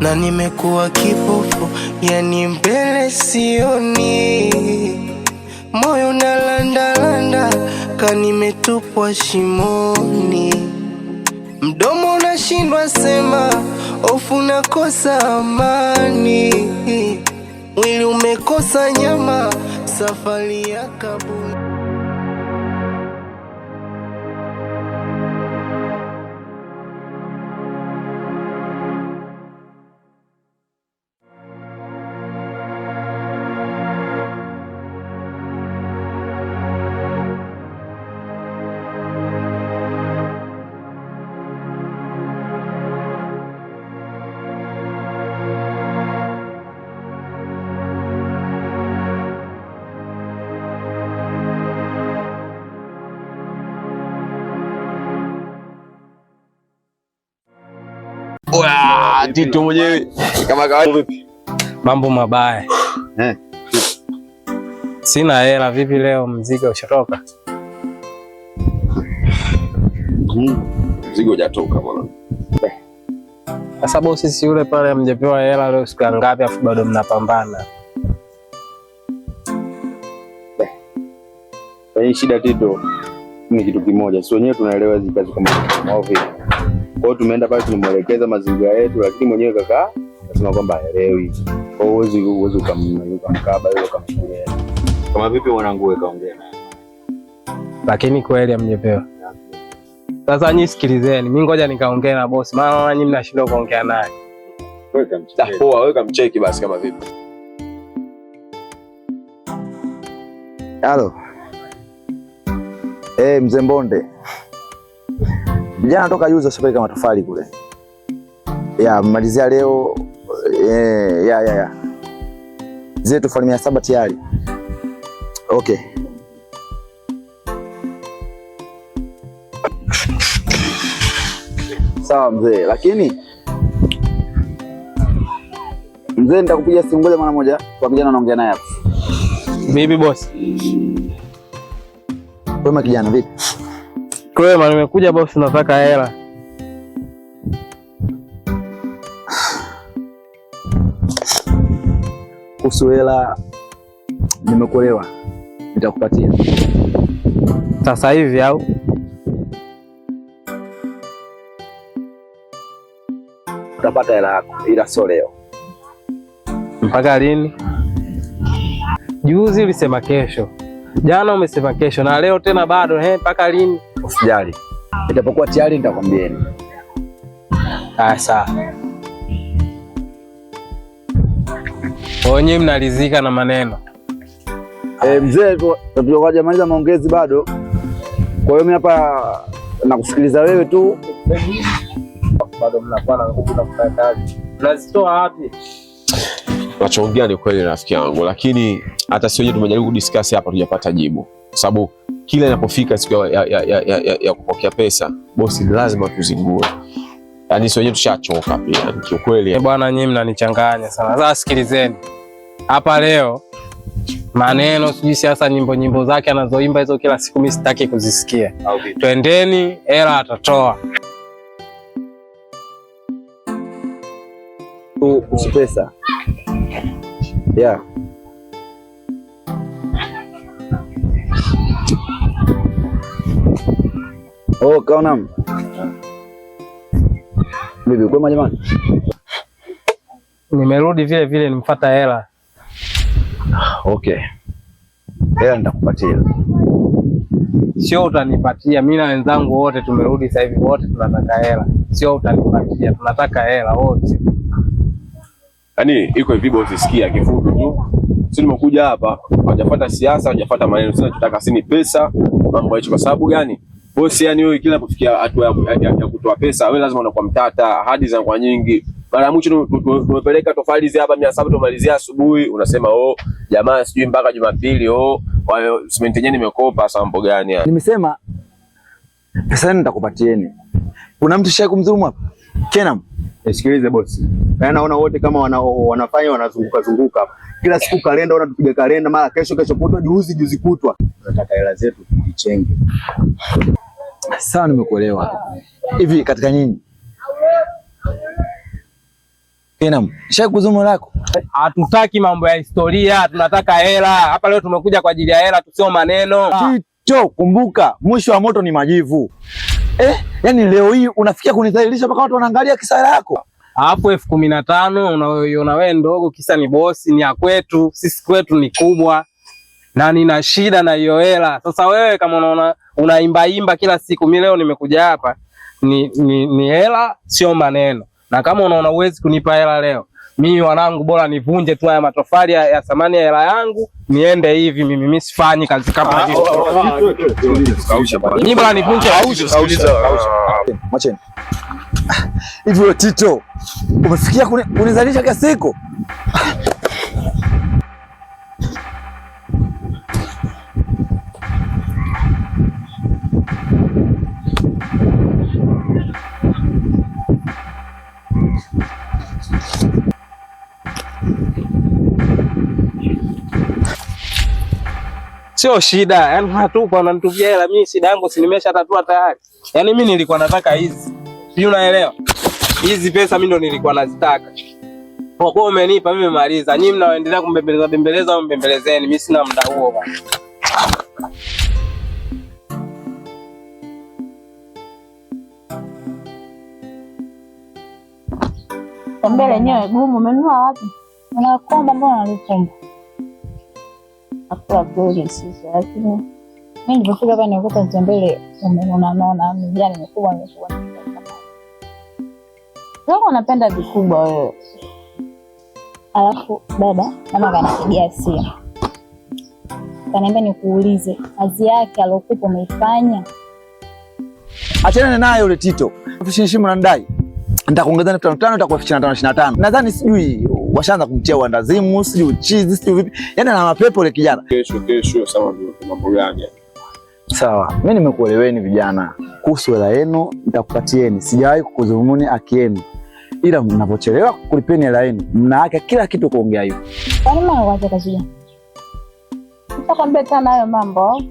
na nimekuwa kipofu, yani mbele sioni, moyo na landalanda kanimetupwa shimoni, mdomo unashindwa sema, ofu nakosa amani, mwili umekosa nyama, safari ya kaburi Tito mwenyewe kama kawaida. Vipi mambo mabaya eh. Sina hela. Vipi leo mzigo ushatoka? Hmm. Mzigo hujatoka bwana. Kwa eh. sababu sisi yule pale mjepewa hela leo siku ngapi, afu bado mnapambana? Ni eh. Shida Tito, ni kitu kimoja, si wenyewe tunaelewa hizi kazi kama kwao. tumeenda pale, tumemwelekeza mazingira yetu, lakini mwenyewe kaka anasema kwamba haelewi. Kwa hiyo uwezi ukamkaba yule ukamshauri. Kama vipi mwanangu kaongea naye? Lakini kweli amnyepewa. Sasa nyi sikilizeni, mi ngoja nikaongea na bosi, maana nyinyi mnashindwa kuongea naye. Poa, wewe kamcheki basi kama vipi? Halo. hey, eh, mzee Mbonde. Vijana toka juzi washapeleka matofali kule. Ya mmalizia leo eh, ya ya ya. Zetu tofali mia saba tayari. Okay. Sawa mzee, lakini mzee, nitakupigia simu moja mara moja kwa kijana naongea naye hapo. Vipi boss? Wema kijana vipi? Clema, nimekuja bosi, nataka hela. Kuhusu hela, nimekuelewa, nitakupatia sasa hivi au utapata hela yako, ila sio leo. Mpaka lini? Juzi ulisema kesho, jana umesema kesho, na leo tena bado. He, mpaka lini? Usijali, itapokuwa tayari nitakwambieni. Ah, sawa. Wenyewe mnalizika na maneno e, mzee, hajamaliza maongezi bado. Kwa hiyo mimi hapa nakusikiliza wewe tu. Bado mnapana mnazitoa wapi? Tunachoongea ni kweli rafiki yangu, lakini hata sio tumejaribu kudiscuss hapa, tujapata jibu, sababu kila inapofika siku ya, ya, ya, ya, ya kupokea pesa, bosi lazima tuzingue. Yani sio wenyewe tushachoka pia yaani kiukweli. Eh, bwana nyinyi mnanichanganya sana. Sasa sikilizeni hapa leo, maneno sijui siasa, nyimbo nyimbo zake anazoimba hizo kila siku mimi sitaki kuzisikia. Twendeni, hela atatoa pesa yeah. Oh, kaona bibi, kwema jamani, nimerudi vile vile, nimfuata hela. Okay, hela nitakupatia, sio utanipatia. Mimi na wenzangu wote tumerudi sasa hivi, wote tunataka hela, sio utanipatia, tunataka hela wote. Yaani iko hivi bosi, sikia kifupi tu, si nimekuja hapa, hajafuata siasa, hajafuata maneno, sasa tunataka sini pesa, mambo yetu. Kwa sababu gani? bosi yani wewe kila kufikia hatua ya, ya, ya ya kutoa pesa wewe lazima unakuwa mtata, hadi zinakuwa nyingi. Mara ya mwisho tumepeleka tofali hizi hapa mia 700 tumalizia asubuhi, unasema oh jamaa sijui mpaka Jumapili oh kwa hiyo simenti yenyewe nimekopa sampo gani yani. Nimesema pesa yenu nitakupatieni. Kuna mtu shaye kumdhulumu hapa? Kenam, nisikilize bosi. Yaani naona wote kama wana, wanafanya wanazunguka zunguka hapa. Kila siku kalenda wanatupiga kalenda mara kesho kesho kutwa juzi juzi kutwa. Tunataka hela zetu tujichenge. Sawa, nimekuelewa. Hivi katika nyinyi shakuzuma lako, hatutaki mambo ya historia, tunataka hela hapa. Leo tumekuja kwa ajili ya hela, tusio maneno Tito. Kumbuka mwisho wa moto ni majivu. Eh, yani leo hii unafikia kunidhalilisha mpaka watu wanaangalia kisa yako hapo elfu kumi na tano unayoiona wewe ndogo, kisa ni bosi, ni ya kwetu sisi, kwetu ni kubwa na nina shida na hiyo hela. Sasa wewe kama unaona unaimbaimba kila siku, mi leo nimekuja hapa ni ni hela, sio maneno. Na kama unaona uwezi kunipa hela leo, mimi wanangu, bora nivunje tu haya matofali ya thamani ya hela yangu niende hivi. Mimi mimi sifanyi kazi kama hiyo, mimi bora nivunje. Macheni hivyo, Tito, umefikia kunizalisha kila sio shida. Yaani watu kwa wananitupia hela, mimi shida yangu si tatua tayari. Yaani mimi nilikuwa nataka hizi. Sio, unaelewa? Hizi pesa mimi ndo nilikuwa nazitaka. Kwa kuwa umenipa mimi maliza. Nyinyi mnaendelea kumbembeleza bembeleza au mbembelezeni, mimi sina muda huo bwana. Tembele yenyewe gumu, umenunua wapi? Mbona mbona alikumba? hakula sisi, lakini mimi nilipofika hapa nilikuta Mtembele unanona mjani mkubwa mkubwa. Wewe unapenda vikubwa wewe. Alafu dada mama kanipigia simu kaniambia nikuulize kazi yake aliyokupa umeifanya. Achana naye yule Tito. Afishinishimu na ndai. Nitakuongezana 55 itakuwa 25 tano Nadhani sijui washaanza kumtia uandazimu, sijui uchizi, sijui vipi, yani ana mapepo ile kijana. Kesho kesho, sawa, mambo gani? Sawa, mimi nimekueleweni vijana, kuhusu hela yenu nitakupatieni, sijawahi kukudhulumuni haki yenu, ila mnapochelewa kulipeni hela yenu mna haki kila kitu kuongea mambo.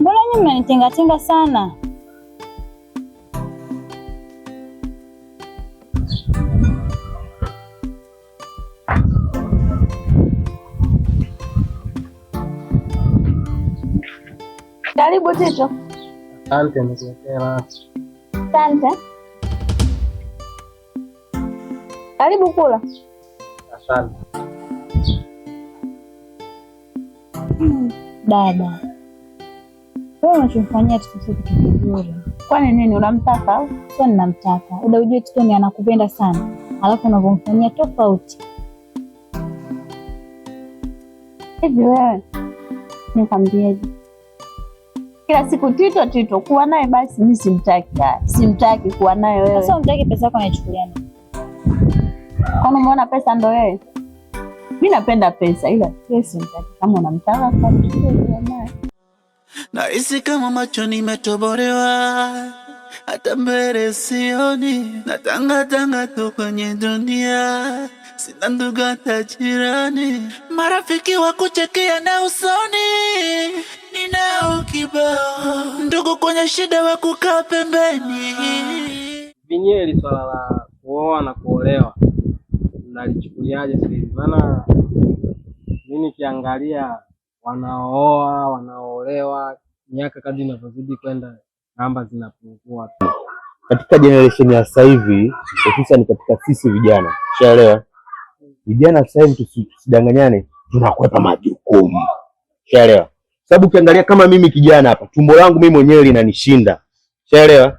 Mbona nyinyi mnanitengatenga sana? Karibu Tito. Asante mzee. Asante. Karibu kula. Asante. Hmm, dada wewe unachomfanyia Tito kitu kizuri, kwani nini? Unamtaka sio? Ninamtaka uda, ujue Tito ni anakupenda sana, alafu unavyomfanyia tofauti hivi. Wewe nikwambieje? kila siku Tito Tito kuwa naye basi, mi simtaki, simtaki kuwa naye wewe. Sasa unataki pesa yako naichukulia nini? Kwani umeona pesa ndo wewe? Mi napenda pesa, ila simtaki. Kama unamtaka nahisi kama macho nimetobolewa hata mbele sioni, na tanga tanga tu kwenye dunia, sina ndugu hata jirani, marafiki wa kuchekea na usoni, nina kibao, ndugu kwenye shida wa kukaa pembeni. Vinyeli, swala la kuoa na kuolewa nalichukuliaje sisi? Maana mimi nikiangalia wanaooa wanaoolewa, miaka kadri inavyozidi kwenda namba zinapungua. Katika generation ya sasa hivi, ni katika sisi vijana, shaelewa vijana sasa hivi, tusidanganyane, tunakwepa majukumu, shaelewa sababu ukiangalia kama mimi kijana hapa, tumbo langu mimi mwenyewe linanishinda, shaelewa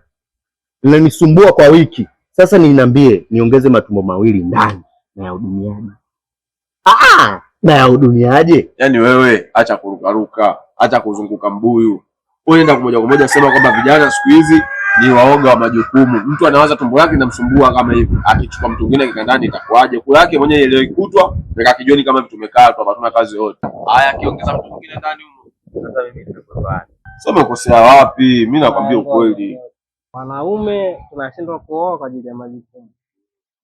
linanisumbua kwa wiki sasa. Niambie, niongeze matumbo mawili ndani na ya Ah, na ya Yaani wewe acha kurukaruka, acha kuzunguka mbuyu unaenda moja kwa moja sema kwamba vijana siku hizi ni waoga wa majukumu. Mtu anawaza tumbo lake linamsumbua kama hivi, akichukua mtu mwingine kitandani itakuwaje? Kula yake mwenye ile ikutwa mpaka kijoni, kama tumekaa tu hatuna kazi yote. Haya, akiongeza mtu mwingine ndani huko, sasa mimi nitakwambia sema ukosea wapi? Mimi nakwambia ukweli, wanaume tunashindwa kuoa kwa ajili ya majukumu.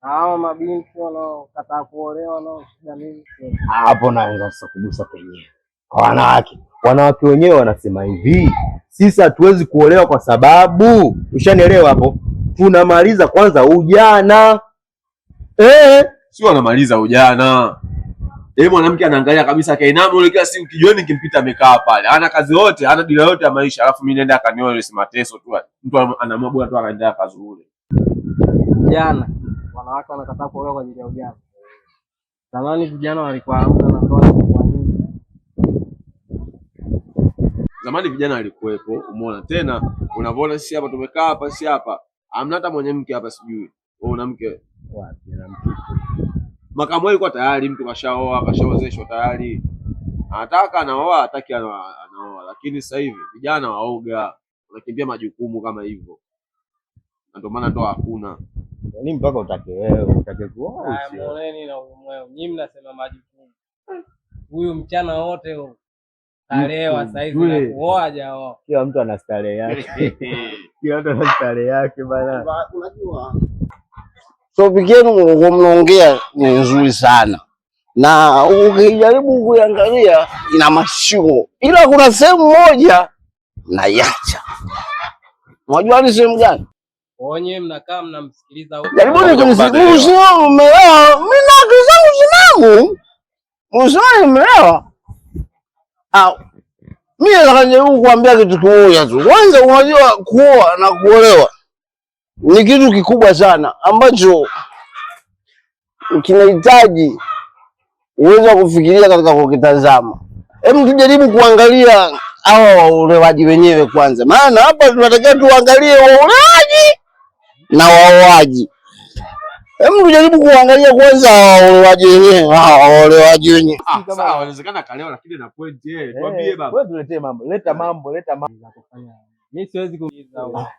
Hao mabinti wanaokataa kuolewa nao shida nini hapo? Naanza sasa kugusa penyewe kwa wanawake. Wanawake wenyewe wanasema hivi, sisi hatuwezi kuolewa kwa sababu, ushanielewa hapo, tunamaliza kwanza ujana eh, sio anamaliza ujana eh, mwanamke anaangalia kabisa, kainama yule kila siku kijioni kimpita, amekaa pale, ana kazi yote, ana dira yote ya maisha, alafu mimi naenda kanioa ile simateso tu, mtu anaamua bora tu kazi ule Jana wanawake wanakataa kuolewa kwa ajili ya ujana. Zamani vijana walikuwa na nafasi Zamani vijana walikuwepo, umeona tena. Unavyoona sisi hapa tumekaa hapa, si hapa, amna hata mke hapa, sijui wewe una mke wapi? Na makamu alikuwa tayari, mtu kashaoa, kashaozeshwa tayari, anataka anaoa, hataki anaoa. Lakini sasa hivi vijana waoga, wanakimbia majukumu kama hivyo, na ndio maana ndoa hakuna. Ni mpaka utake wewe utake kuoa, mnasema majukumu, huyu mchana wote Alewa saizi na kuoja wao. Kila mtu ana starehe yake. Kila mtu ana starehe yake bana. Unajua. Topic yenu mlikuwa mnaongea ni nzuri sana. Na ukijaribu kuangalia ina mashiko. Ila kuna sehemu moja naiacha. Unajua ni sehemu gani? Onye mnakaa mnamsikiliza huko. Jaribuni kunisikiliza. Mimi na kizangu zangu. Mzuri mmeelewa. Ah, Mimi nataka nijaribu kuambia kitu kimoja tu. Kwanza, unajua kuoa na kuolewa ni kitu kikubwa sana ambacho kinahitaji uwezo wa kufikiria katika kukitazama. Hebu tujaribu kuangalia hawa waolewaji wenyewe kwanza, maana hapa tunatakiwa tuangalie waolewaji na waoaji. Hebu tujaribu kuangalia kwanza waolewaji wenyewe. Eh, waolewaji wenyewe. Ah, sawa kaleo lakini na point eh, eh, Tuambie baba. Wewe mambo. Leta mambo, leta mambo. Mimi siwezi kuuliza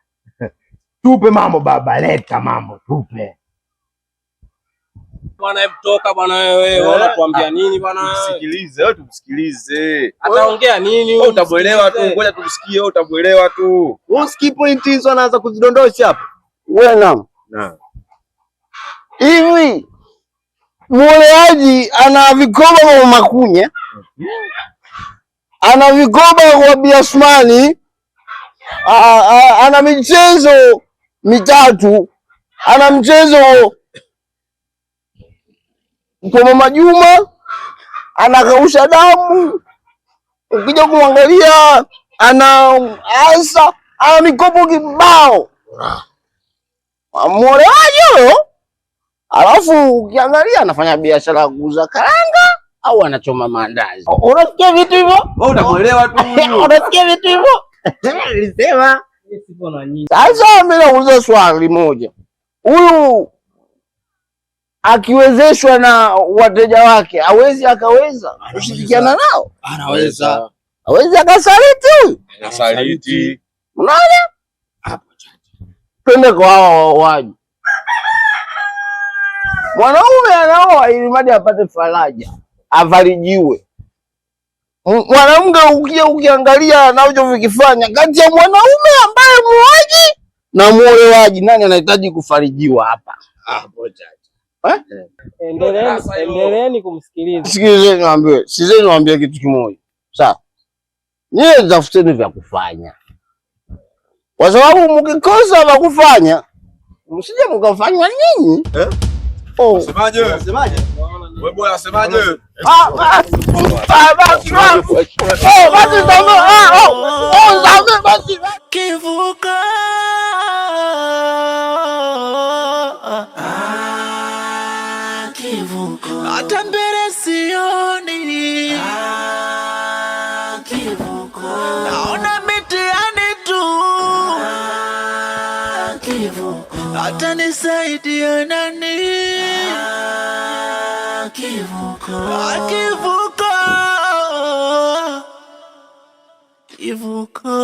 Tupe mambo baba, leta mambo, tupe. Bwana mtoka bwana wewe, unatuambia nini bwana? Msikilize, wewe tumsikilize. Ataongea nini? Wewe utabuelewa tu, ngoja tumsikie, wewe tu. Wewe usikii point hizo anaanza kuzidondosha hapa. Wewe naam. Naam hivi mwoleaji ana vikoba kwa Makunya, ana vikoba kwa Biasmani, ana michezo mitatu, ana mchezo kwa Mama Juma, anakausha damu. Ukija kumwangalia ana asa, ana mikopo kibao. Ah. mwoleaji huyo Alafu ukiangalia anafanya biashara ya kuuza karanga au anachoma maandazi. Unasikia vitu hivyo? Wewe unakuelewa tu. Unasikia vitu hivyo? Nilisema. Sasa mimi nauliza swali moja, huyu akiwezeshwa na wateja wake awezi akaweza kushirikiana nao? Anaweza. Awezi akasaliti Anasaliti. Unaona? Hapo. Twende kwa hao wawaji Mwanaume anaoa ili mradi apate faraja, avalijiwe. Mwanamke ukia ukiangalia vikifanya kati ya mwanaume ambaye muoji na muolewaji, nani anahitaji kufarijiwa hapa? Ah, eh? Eh, sikilizeni niwaambie, sikilizeni niwaambie kitu kimoja. Sawa. Nyie tafuteni vya kufanya, kwa sababu mkikosa vya kufanya msije mkafanywa ninyi eh? Kivuka hata mbele sioni, ah, naona mitiani tu, ah, hata nisaidia nani? Ah, kivuko, kivuko, kivuko.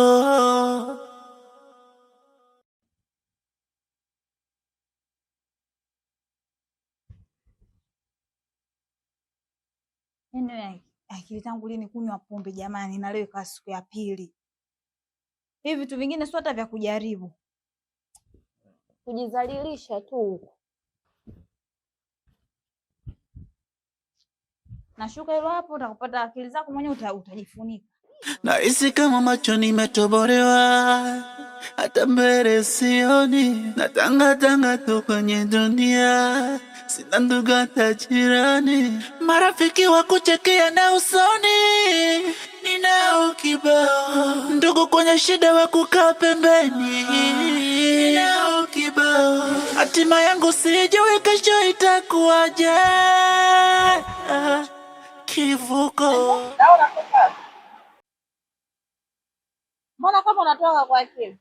akili tangu lini kunywa pombe jamani, na leo ikawa siku ya pili. Hivi vitu vingine sio hata vya kujaribu, kujizalilisha tu huko Nashuka hilo hapo utakupata akili zako mwenye uta, utajifunika. Nahisi kama macho nimetobolewa, hata mbele sioni, na tanga tanga tu kwenye dunia, sina ndugu hata jirani, marafiki wa kuchekea na usoni, nina ukibao, ndugu kwenye shida wa kukaa pembeni, nina ukibao, hatima yangu sijui kesho itakuwaje kivuko. Mbona kama unatoka kwa akili?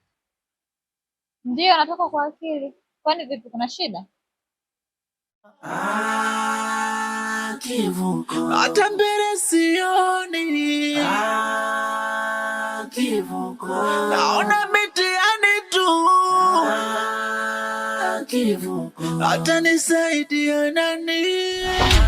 Ndiyo, natoka kwa akili. Kwani vipi, kuna shida? Ah, Hata mbele sioni. Ah, Naona mitiani tu. Ah, Hata nisaidia nani?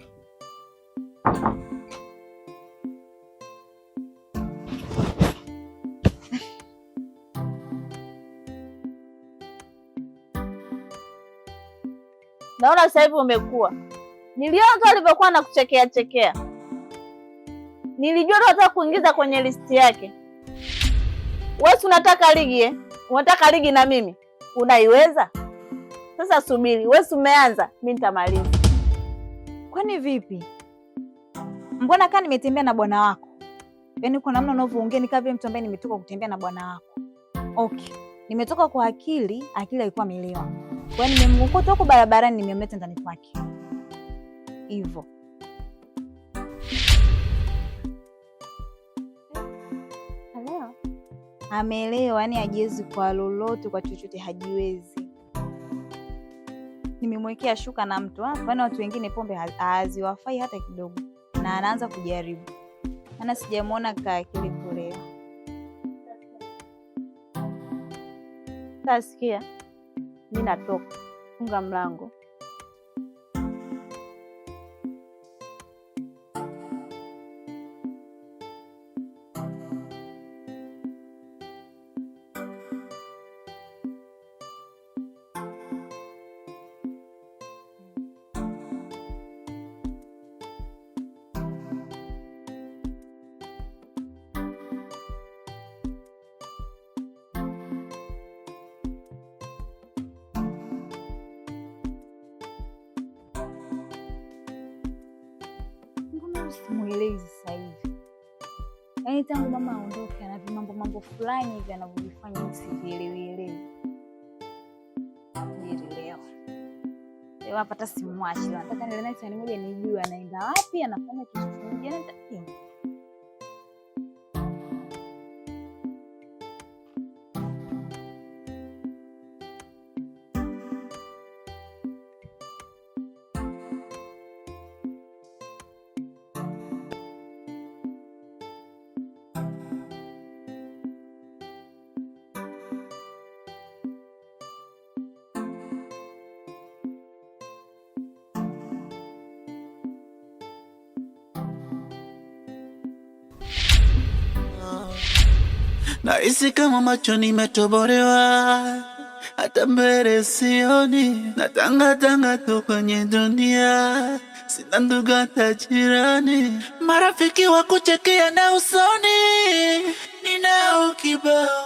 Naona sasa hivi umekuwa. Niliona alivyokuwa na chekea, nilijua unataka kuingiza kwenye listi yake. Wewe unataka ligi eh? Unataka ligi na mimi unaiweza? Sasa subiri, wewe umeanza, mimi nitamaliza. Kwani vipi? Mbona kaa nimetembea na bwana wako? Yaani kuna namna unavyoongea nikaa vile mtu ambaye nimetoka kutembea na bwana wako. Okay, nimetoka kwa akili, akili haikuwa milioni kwa hiyo nimemkuta huko barabarani, nimemleta ndani kwake hivyo. Ameelewa, yaani hajiwezi kwa lolote, kwa chochote hajiwezi. Nimemwekea shuka na mtu hapa, yaani watu wengine pombe haziwafai hata kidogo, na anaanza kujaribu. Ana sijamwona ka akili kulewa. Tasikia mi natoka, funga mlango. simwelezi sasa hivi. Yaani tangu mama aondoke, ana mambo mambo fulani hivi anavyovifanya sivielewielewi. Hata simwachi, nataka nilele naye moja, nijue anaenda wapi, anafanya kitu kingine. Nahisi kama macho metoborewa hata mbele sioni, na tanga tanga tu kwenye dunia, sina ndugu hata jirani, marafiki wa kuchekea na usoni, nina ukibao